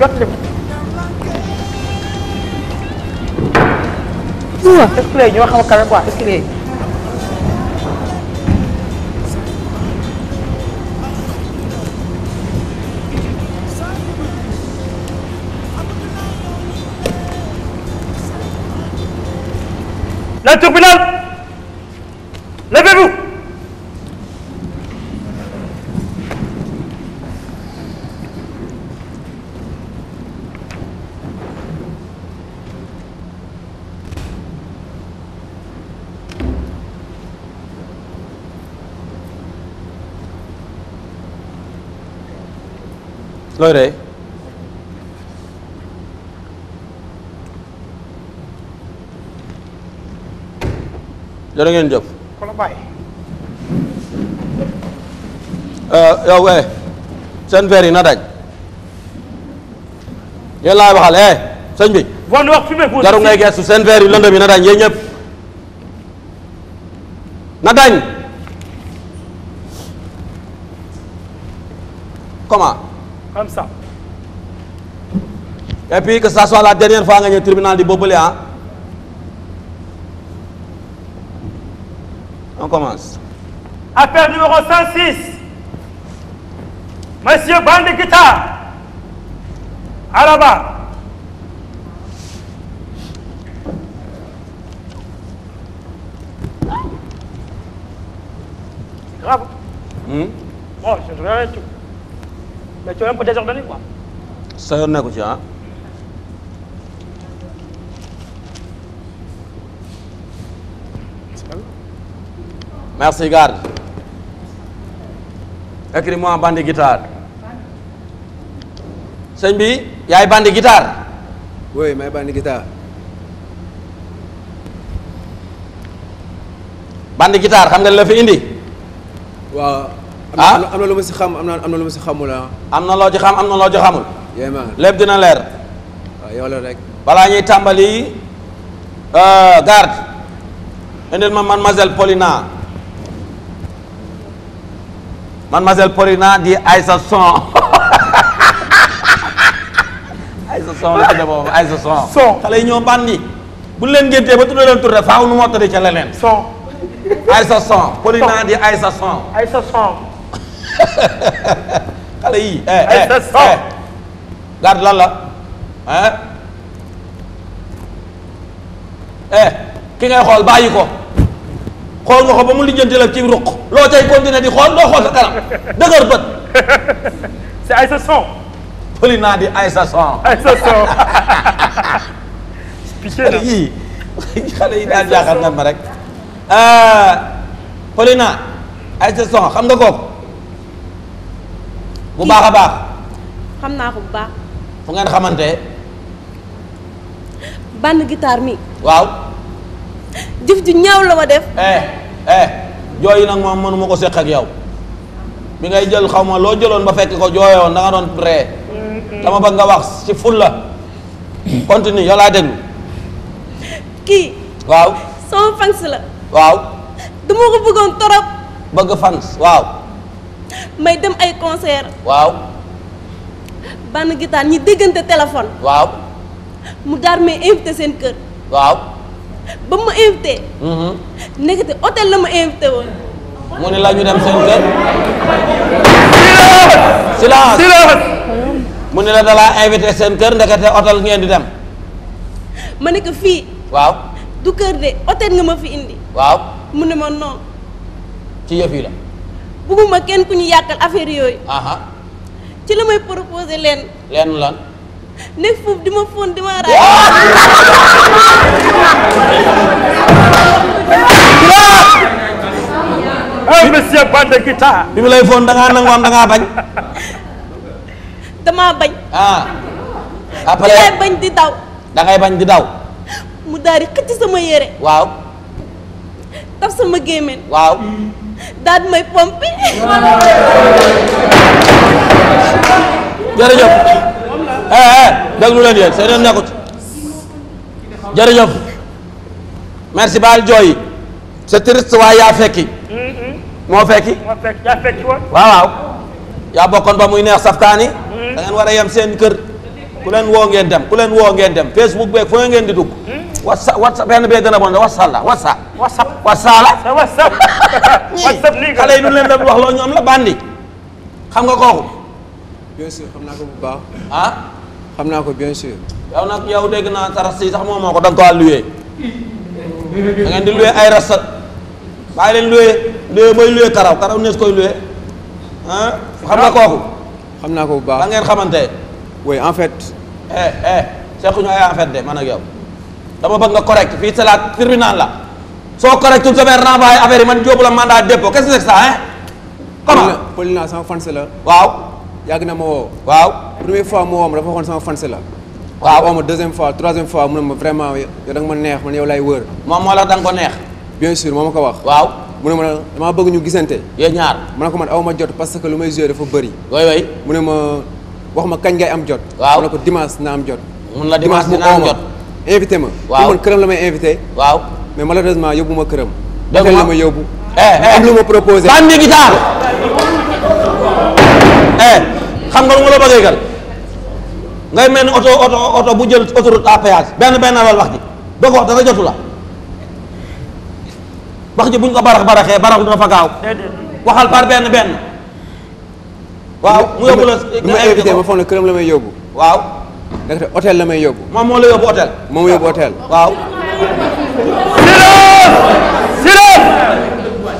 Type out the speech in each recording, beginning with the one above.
jot li waaw escalier ñoo xam kawe quoi escalier la turbulence looy rey loolu ngeen jóg. Euh, yow eh, seen verre yi na daj yéen laa waxal eh sëñ bi. jarul ngay gestu seen verre yi lëndëm yi na dañ yéen ñëpp na dañ comment. comme ça. et puis la dernière fois nga ñëw tribunal di boobule ah. on commence. affaire numéro 106 monsieur Bandikita Araba. mais tu es un peu désordonné ci ah. merci garde. écris-moi bandi guitare. sëñ bi yaay bandi guitare. oui may bandi guitare. bandi guitare xam nga la indi. ah am na lu ma si xam am am na si xamul ah. na loo xam am na loo ci xamul. lépp dina leer. waaw ah, yow la rek. tàmbali euh, garde indil ma mademoiselle Paulina mademoiselle Paulina di Aïssa Son Aïssa Son la tuddee Son. Son xale yi ñoo bandi bu leen géntee ba tuddee leen tur de faaw nu moo tëddee ca leneen. Son Aïssa di Aïssa xale yii. Eh, ay eh, sa soxla eh. la ah. ki ngay xool bàyyi ko xool nga ko ba mu lijjanti la ci ruq loo cay continuer di xool doo xool sa kanam dëgër bët. naa di Aïssa Son. Aïssa na yii xale yi daal jaaxal na ma rek. pëli naa Aïssa Son xam nga kooku. bu baax a baax. xam naa ko bu baax. fu ngeen xamante. bànn guitare mi. waaw. jëf ju ñaaw la ma def. eh eh jooyu nag moom mënuma ko seq ak yow bi ngay jël xaw ma loo jëloon ba fekk ko jooyoon da doon ree. dama bëgg nga wax ci fulla continue yow laa déglu. kii. waaw sama fans la. waaw. dama ko bëggoon torop. bëgg fans waaw. may dem ay concert waaw bànn gitaan ñi déggante téléphone waaw mu daar may invité seen kër waaw ba ma invité mm-hmm. nekkati hôtel la ma invité woon mu ne la ñu seen kër silence dalaa invité seen kër ndekete hôtel ngeen di dem ma ne ko fii waaw du kër de hôtel nga ma fi indi waaw mu ne ma non ci yëf la bugguma kenn ku ñu yàqal affaire yooyu. ci la may proposé leen. leen lan. nekk foofu di ma fóon di ma raay. bi mu lay fóon da ngaa nangoon da ngaa bañ. damaa bañ. ah. après da bañ di daw. da bañ di daw. mu daal di xëcc sama yére. waaw. taf sama gémmiñ. waaw. daal may pompi. jërëjëf. Eh, eh, déglu leen yéen seen yoon nekkut jërëjëf. merci baal jooy. c'est triste waaye yaa fekki. moo fekki. moo yaa bokkoon ba muy neex saftaani. da ngeen war a seen kër. ku leen woo ngeen dem ku leen woo ngeen dem Facebook beeg foo ngeen di dugg. wasa wasa benn bee gën a bon xale yi nu leen doon wax loo ñoom la bandi xam nga kooku. bien sûr xam naa ko bu baax. ah. xam naa ko bien sûr. yow nag yow dégg naa sa rasta moom moo ko da nga ko loué. di loué ay rasta bàyyi leen loué loué mooy loué karaw karaw nees koy loué ah. xam nga kooku. xam naa ko bu baax da xamante. oui en fait. eh eh sequ ñu ay en fait de man ak yow. dama bëgg nga correct fii c'est la la soo correctul sa mère renvoyé affaire yi man jóobu la mandat dépôt qu'est-ce que c'est ça hein. comment Paulina sama fans la. waaw. yàgg na ma woo. waaw première fois ma woo ma dafa waxoon sama fans la. waaw woo ma deuxième fois troisième fois mu ma vraiment yow da nga ma neex man yow lay wër. moom moo la da ko neex. bien sûr moo ma ko wax. waaw mu ne ma damaa bëgg ñu gisante. yéen ñaar ma ne ko man aw ma jot parce que lu may joué dafa bëri. oui oui mu ne ma wax ma kañ ngay am jot. waaw ma ko dimanche naa am jot. mun invité ma. waaw man këram la may invité. waaw mais malheureusement yóbbu ma këram. dëgg la may yóbbu. am lu ma proposé. bandi guitare. Eh, xam nga lu ma la bëggee mel ni oto oto bu jël autoroute à benn benn loolu wax ji bëgg la wax buñ ko barax baraxee barax du dafa gaaw. waxal waaw mu yóbbu la. ma këram la may yóbbu. ndaxte hôtel la may yóbbu. moom moo la yóbbu hôtel. moom yóbbu hôtel. waaw.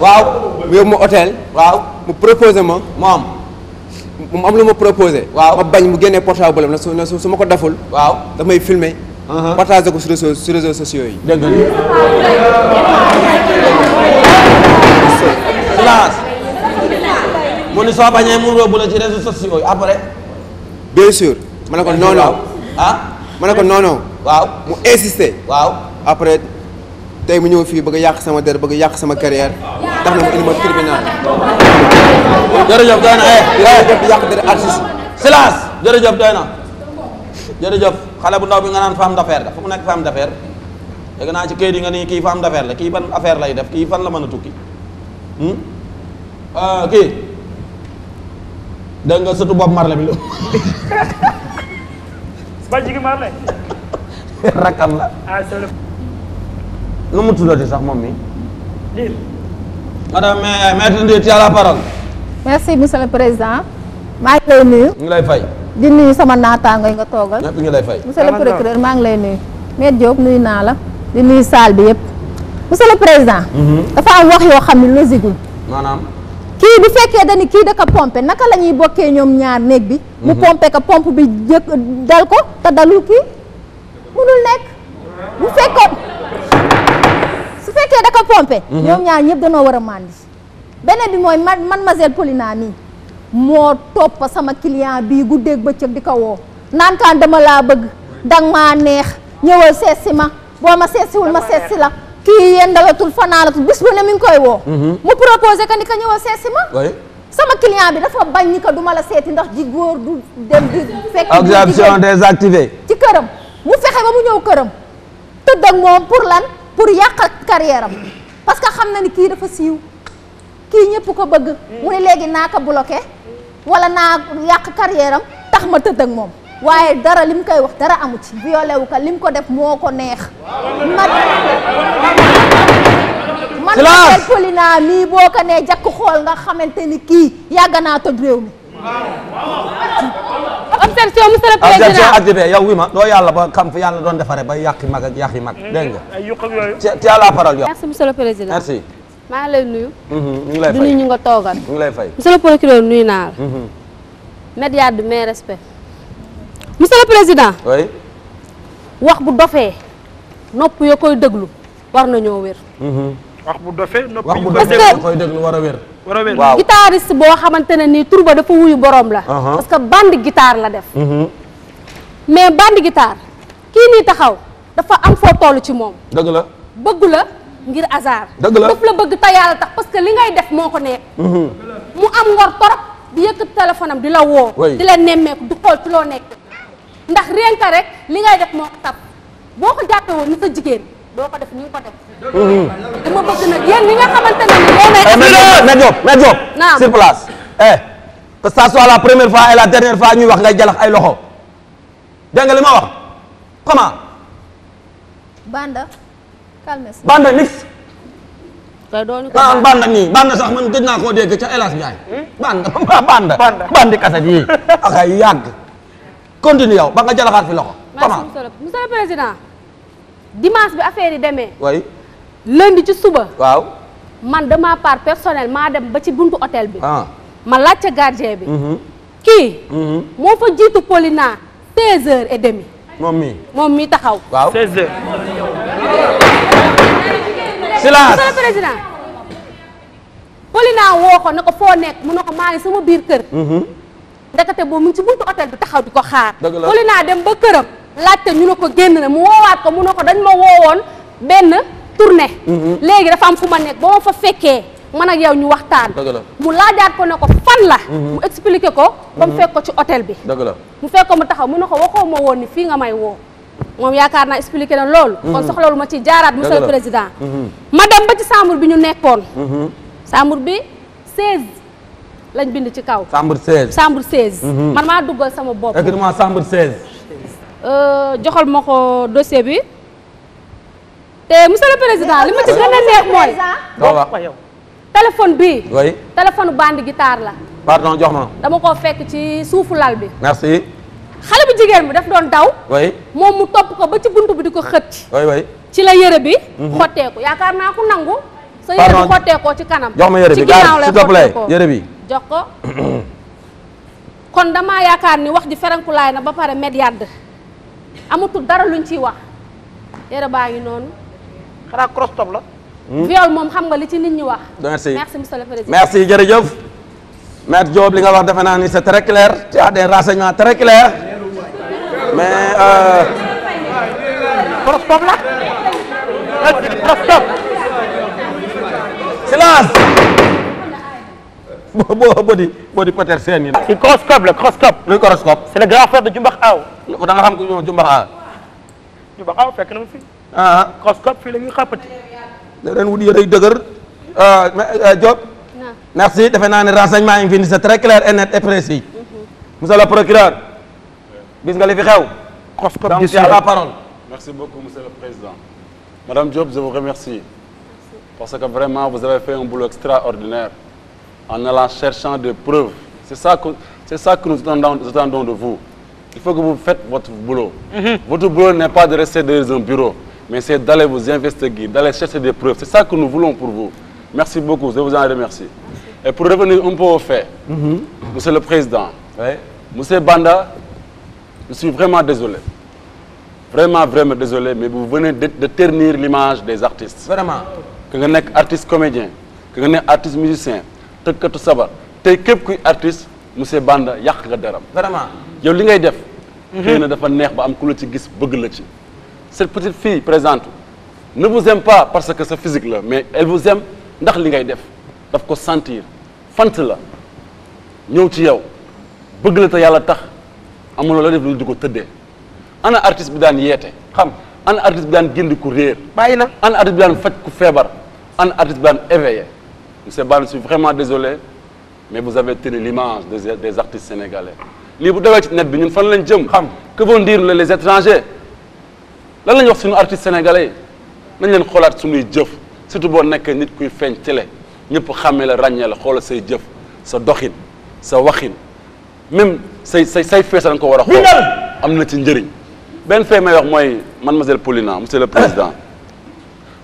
waaw mu yóbbu ma hôtel. waaw mu proposé ma. moom mu am lu ma proposé. waaw ma bañ mu génnee portable am na su su ma ko deful. waaw daf may filmer. Uh-huh. partagé ko sur réseaux sur sociaux yi. dëgg la. soo bañee mu rëbb la ci réseaux sociaux yi après. bien sûr. ma ne ko non ah ma ne non non waaw mu insister waaw après tey mu ñëw fii bëgg yàq sama der bëgg yàq sama carrière tax na mu indi ma tribunal jërëjëf doy na eh, eh. jërëjëf yàq der jërëjëf doy na jërëjëf xale bu ndaw bi nga naan femme d'affaires la fu mu nekk femme d'affaires dégg naa ci këyit yi nga ni kii femme d'affaires la kii ban affaire lay def kii fan la mën a tukki hmm? ah, kii dégg nga sëtu bopp marle bi la ba jigi la nu ah, mu tuddati sax moom mi diir madame maître Ndoye tu as la parole merci monsieur président maa ngi lay nuyu ngi lay fay di nuyu sama naataangoo yi nga toogal ñëpp ngi lay fay monsieur le maa ngi lay nuyu maître Diop nuyu naa la di nuyu salle bi yëpp monsieur président mhm. dafa am wax yoo xam ne logique maanaam kii bu fekkee dañu kii da pompe naka la ñuy bokkee ñoom ñaar néeg bi mu mhm. pompe ko pompe bi jëkk dal ko te dalul kii munul nekk bu fekkoon su fekkee da pompe mhm. ñoom ñaar ñëpp danoo war a màndi beneen bi mooy man mademoiselle Paulina mii moo topp sama client bii guddeeg bëccëg di ko woo naankaan dama laa bëgg dang ma neex ñëwal seesi ma boo ma seesiwul ma seesi la kii yéen dalatul fanaanatul bis bu ne mi ngi koy woo mhm. mu proposé que ni ko ñëw a seesi ma sama client bi dafa bañ ni ko du la seeti ndax ji góor du dem di fekk objection désactivée ci këram mu fexe ba mu ñëw këram tëdd ak moom pour lan pour yàq carrière am parce que xam na ni kii dafa siiw kii ñëpp ko bëgg mu ne léegi naa ko bloqué wala naa yàq carrière tax ma tëdd ak moom waaye dara lim koy wax dara amu ci violé ko lim ko def moo ko neex man man Mabel Polina mii boo xamante ni kii yàgg naa toj réew mi observation monsieur président observation ak yow wi ma yàlla ba xam yàlla doon defare ba yàqi mag ak yàqi mag dégg nga ci à le président ngi lay nuyu mhm, ñu ngi lay fay ñu nga toogal ñu mais mhm. respect monsieur le président. oui. wax bu dofee nopp ya koy déglu war na nañoo wér. Mhm. wax bu dofee nopp yi parce koy déglu war a wér. a wér waaw guitariste boo xamante ne nii tur ba dafa wuyu borom la. Uh-huh. parce que bande guitare la def. Mhm. mais bande guitare kii nii taxaw dafa am foo toll ci moom. dëgg la bëgg la. ngir hasard. dëgg la daf la bëgg te yàlla tax parce que li ngay def moo ko nekk. Mhm. mu am ngor torop di yëkkat téléphone di la woo. di la nemmeeku di xool ci loo nekk. ndax rien rek li ngay def moo ko tab boo ko jàppee woon ni sa jigéen doo ko def ni nga ko def. Mhm. dama bëgg eh, place. eh que la première fois et la dernière ñuy wax ngay jalax ay loxo ma wax comment. Banda. calme Banda nix. te dooñu ko baax sax man gëj naa koo dégg ca El Hadj Ndiaye. Hmm? Banda Banda. Banda Bandi yi ak ay continue yow ba nga jalaxaat fi loxo. comment monsieur président dimanche bi affaire yi demee. oui lundi suba. man de ma part personnelle maa dem ba ci buntu hôtel bi. Ah. ma laajte gardien bi. Mhm. kii. Mhm. moo fa jiitu Paulina seize heures et demi. moom mii moom mii taxaw. waaw président. Paulina woo ko ne ko foo nekk mu ne ko maa ngi sama biir kër. Mhm. ndekete boobu mu ngi ci buntu hôtel bi taxaw di ko xaar kuli naa dem ba këram laajte ñu ne ko génn na mu woowaat ko mu ne ko dañ ma woowoon benn tournée mm-hmm. léegi dafa am fu ma nekk ba fa fekkee man ak yow ñu waxtaan mu laajaat ko ne ko fan la mm-hmm. mu expliqué ko ba mu mm-hmm. fekk ko ci hôtel bi dëgg la mu fekk ko mu taxaw mu ne ko waxoo ma woon ni fii nga may woo moom yaakaar naa expliqué na loolu kon soxlawul ma ci jaaraat monsieur le président ma dem ba ci chambre bi ñu nekkoon chambre bi 16 lañ bind ci kaw. chambre 16. chambre mhm. man maa duggal sama bopp. exactement chambre euh, joxal ma ko dossier bi te monsieur le président li ma ci gën a mooy. téléphone bi. oui téléphone bandi guitare la. pardon jox ma. dama koo fekk ci suufu lal bi. merci. xale bu jigéen bi daf doon daw. moom mu topp ko ba ci buntu bi di ko xëcc. oui ci la yére bi. Mhm. xotteeku yaakaar naa ku nangu. sa yére bi xotteekoo ci kanam. jox ma yére bi ci ginnaaw lay yére bi. jox ko kon damaa yaakaar ni wax ji ferankulaay na ba pare med yàdd amatul dara luñ ciy wax yére baa ngi noonu xanaa cross top la hmm? moom xam nga li ci nit ñi wax merci merci monsieur le président merci jërëjëf li nga wax defe naa ni c'est très clair tu as des renseignements mais euh, cross top la cross top silence boo body body peut-être seen yi la. ci horoscope la horoscope. luy horoscope. c'est le grand frère de Jumbax Aw. ko Jumbax Aw. Jumbax Aw fekk na mu fi. ah horoscope fii la ñuy xàppati. da leen wut yëre ah, eh, merci defe naa ne renseignement yi fi ni c'est très clair et net et précis. Mhm. monsieur procureur. bis nga li fi xew. horoscope donc tu as la parole. merci beaucoup monsieur le président. madame Diop je vous remercie. Merci. parce que vraiment vous avez fait un boulot extraordinaire. en allant cherchant de preuves. C'est ça que, ça que nous attendons, nous attendons, de vous. Il faut que vous faites votre boulot. Mm -hmm. Votre boulot n'est pas de rester dans un bureau, mais c'est d'aller vous investiguer, d'aller chercher des preuves. C'est ça que nous voulons pour vous. Merci beaucoup, je vous en remercie. Merci. Et pour revenir un peu fait, mhm. Monsieur le Président, Monsieur Banda, je suis vraiment désolé. Vraiment, vraiment désolé, mais vous venez de, l'image des artistes. Vraiment. Que vous êtes artiste comédien, que vous êtes artiste musicien, tëkkatu sabar tey képp kuy artiste monsieur Banda yàq nga deram vraiment yow li ngay def. Mhm. xëy na dafa neex ba am ku la ci gis bëgg la ci. cette petite fii présente ne vous aime pas parce que sa physique la mais elle ndax li ngay def daf ko sentir fant la ñëw ci yow bëgg la te yàlla tax amuloo la def lu di ko tëddee ana artiste bi daan yeete xam ana artiste bi daan génn ku réer. bàyyi na ana artiste bi daan faj ku feebar ana artiste bi daan éveillé. Monsieur Ban je suis vraiment désolé mais vous avez tenu l'image des des artistes sénégalais lii bu dawee ci net bi ñun fan lañ jëm. xam que diir dire les étrangers lan la ñu wax suñu artistes sénégalais yi nañ leen xoolaat suñuy jëf surtout boo nekkee nit kuy feeñ télé ñëpp xàmmee la ràññee la xoolal say jëf sa doxin sa waxin même say say say feesa nga ko war a xool am na ci njëriñ benn fee may wax mooy mademoiselle Paulina monsieur le président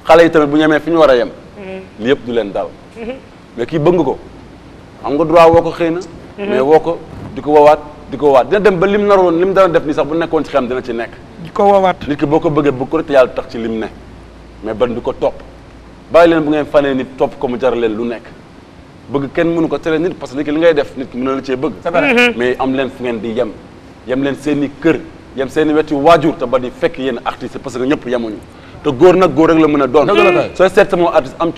xale yi tamit bu ñu yemee fi ñu war a yem mm-hmm. yëpp du leen dal mais kii bëgg ko xam nga droit woo ko xëy na. Mhm. mais woo ko di ko woowaat di ko woowaat dina dem ba lim naroon lim dana def nii sax bu nekkoon ci xam dina ci nekk. di ko woowaat nit ki boo ko bëggee bëgg ko rek te yàlla tax ci lim ne mais ban di ko topp bàyyi leen bu ngeen fanee nit topp ko mu jaral leen lu nekk. bëgg kenn mënu ko tere nit parce que nit ki li ngay def nit mën na la cee bëgg. Mhm. Mhm. mais am leen fu ngeen di yem yem leen seen kër yem seen i wetu waajur te ba di fekk yéen artiste parce que ñëpp yemuñu te nag góor rek la mën a doon. sooy seet sama artiste am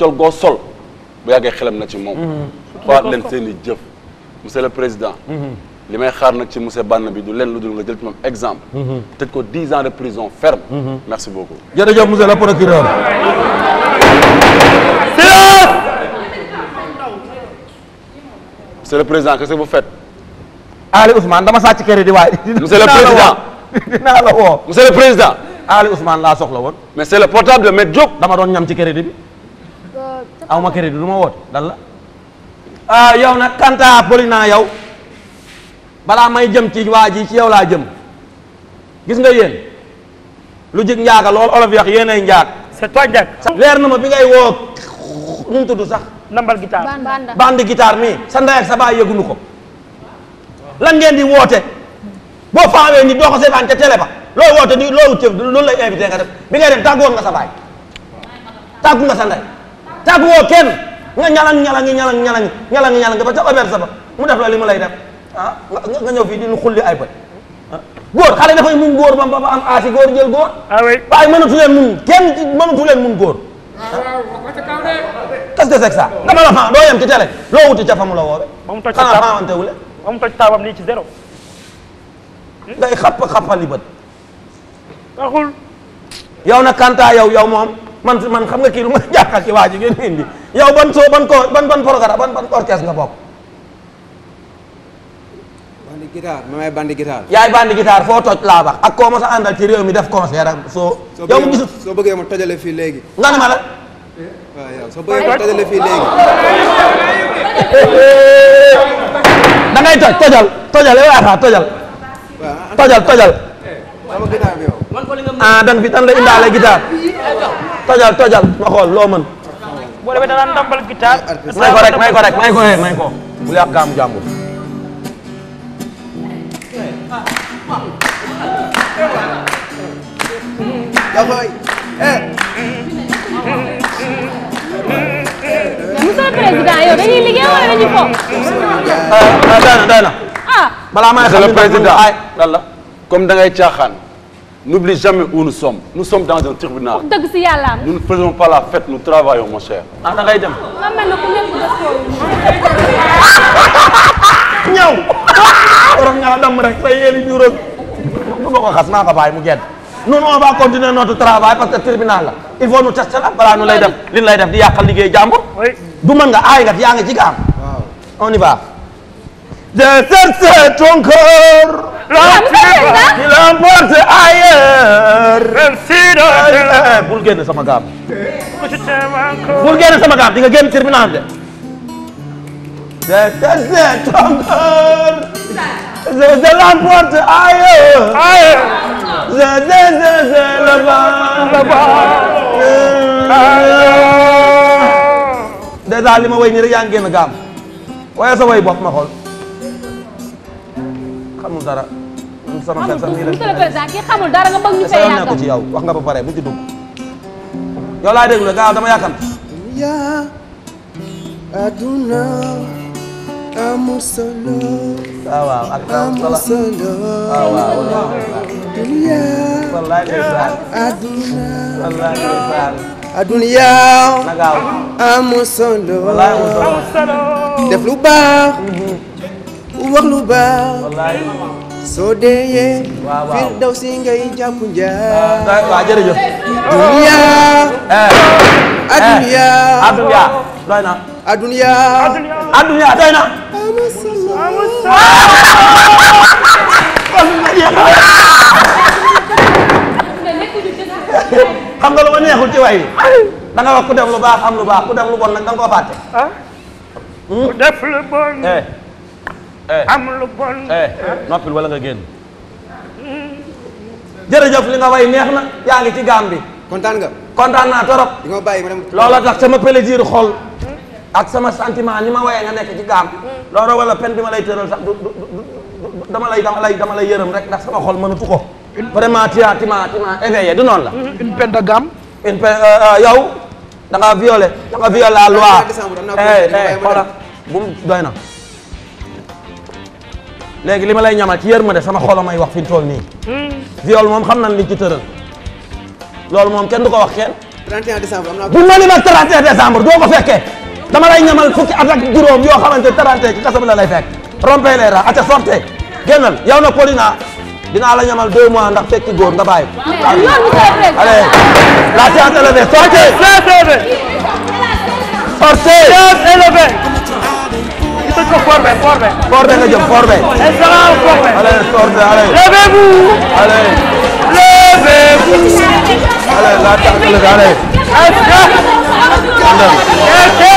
bu yàggee xelam na ci moom. Mhm. xoolaat leen seen i jëf. monsieur le président. Mhm. li may xaar na ci monsieur Bane bi du leen lu dul nga jël ci moom exemple. Mhm. tëj ko dix ans de prison ferme. merci beaucoup. jërëjëf monsieur le procureur. silence. monsieur le président qu'est-ce que vous faites. Ali Ousmane dama sàcc kër yi di waay. monsieur le président dinaa la woo. monsieur Ali Ousmane laa soxla woon. me c'est le portable de Maître dama doon ñam ci crédit bi. aw ma crédit du ma woote dal la ah yow nag kanta poli naa yow balaa may jëm ci waa ji ci yow laa jëm gis nga yéen lu jig njaaga lool olof yi wax yéen ay njaag c'est leer na ma bi ngay woo nu mu sax nambal guitare bandi guitare mi sa ndey ak sa baay yëgunu ko lan di woote boo faawee ni doo ko seetaan ca télé ba looy woote di loolu cëf loolu lay invité nga def bi ngay dem tàggu woon nga sa baay tàggu nga sa tàgguwoo kenn nga ñalang ñalangi ñalang ñalangi ñalangi ñalangi ba ca auberge ba mu def la li mu lay def ah nga ñëw fii di lu xulli ay bët ah, góor dafay mun góor ba ba am aasi góor jël góor ah waaye mënatu leen mun kenn mënatu leen mun góor ah, qu'est-ce que c'est que ça dama la fan doo yem ci télé loo wuti ca fa mu la woowe xanaa fanwante wule ngay xapp xappali bët taxul yow nag kanta yow yow moom man man xam nga kii lu ma jaaxal ci waa ji ngeen indi yow ban soo ban ko ban ban programme ban ban orchestre nga bokk. bandi guitare may bandi guitare. yaay bandi guitare foo toj laa bax ak koo ma sa àndal mi def concert ak soo. yow mu gisul soo bëggee ma tojale fii léegi. nga ne ma la. waaw toj tojal tojal yow yaa tojal. tojal tojal. sama guitare ah, dan fi dan la indaale guitare. tojal tojal ma loo mën. boo demee da daan ndàmbal guitare. may ko rek may ko rek may ko rek may ko. bu yàq kaam jàmbur. monsieur liggéey wala dañuy fo. ah ah day na day ay lan la. comme da n'oublie jamais où nous sommes nous sommes dans un tribunal. wax dëgg si yàlla. nous ne faisons pas la fête nous ah, dem. ma mel ne ku nekk dëkk ñëw. borom ñaa dam rek sa yéeli juróom. bu ma ko xas naa ko bàyyi mu gedd. non on va continuer notre travail parce que tribunal la il faut nous tester balaa ñu lay def li lay def di yàqal liggéey jàmbur. du mën nga aay nga yaa ngi ci on y va. je cherche ton cœur. qui l'emporte ailleurs. bul génn sama gaam. bul génn sama gaam di nga génn terminal de. je l'emporte ailleurs. je je là-bas là-bas. déjà li ma wéy nii rek yaa ngi xamul dara. sama xel sax nii dara nga bëgg ñu fee yàggal ci yow wax nga ba pare bu ci dugg. yow laa déglu gaaw dama yàkkam. yaa aduna amul solo. waaw waaw ak amul solo. waaw waaw waaw. yaa aduna. def lu wax lu baax soo deeyee fir daw si ngay jàpp njaay waaw jërëjëf dunya eh. Eh. adunya adunya doy na adunya adunya doy na xam nga lu ma neexul ci way da nga wax ku def lu baax am lu baax ku def lu bon nag da nga koo fàtte ah? hmm? ku def lu bon eh. Eh. am lu bon. Eh. wala nga génn. jërëjëf li nga way neex na yaa ci gaam bi. kontaan nga. kontaan naa torop. di nga bàyyi ma dem. loola tax sama plaisir xol. ak sama sentiment ni ma wayee nga nekk ci gaam. Hmm. looloo wala pen bi ma lay tëral sax dama lay dama lay dama lay yërëm rek ndax sama xol ma ko. vraiment tia tima tima éveillé du noonu la. Hmm. une peine de gamme. une peine euh, euh, yow da nga violé da nga violé la loi. eh eh xoolal doy na. léegi li ma lay ñamal ci yërmande sama xolomay wax fi nii. Hmm. viol moom xam nañ liñ ci tëral. loolu moom kenn du ko wax kenn. 31 décembre am bu ma ni ma 31 décembre doo ko fekkee dama lay ñamal fukki at ak juróom yoo xamante 31 ci kaso bi lay fekk. rompé les rats sorte génnal yow na Paulina dinaa la ñamal deux mois ndax fekki góor nga bàyyi. allez la séance est levée sortez. ko forbe forbe forbe nga jëm forbe salam la tànk la allez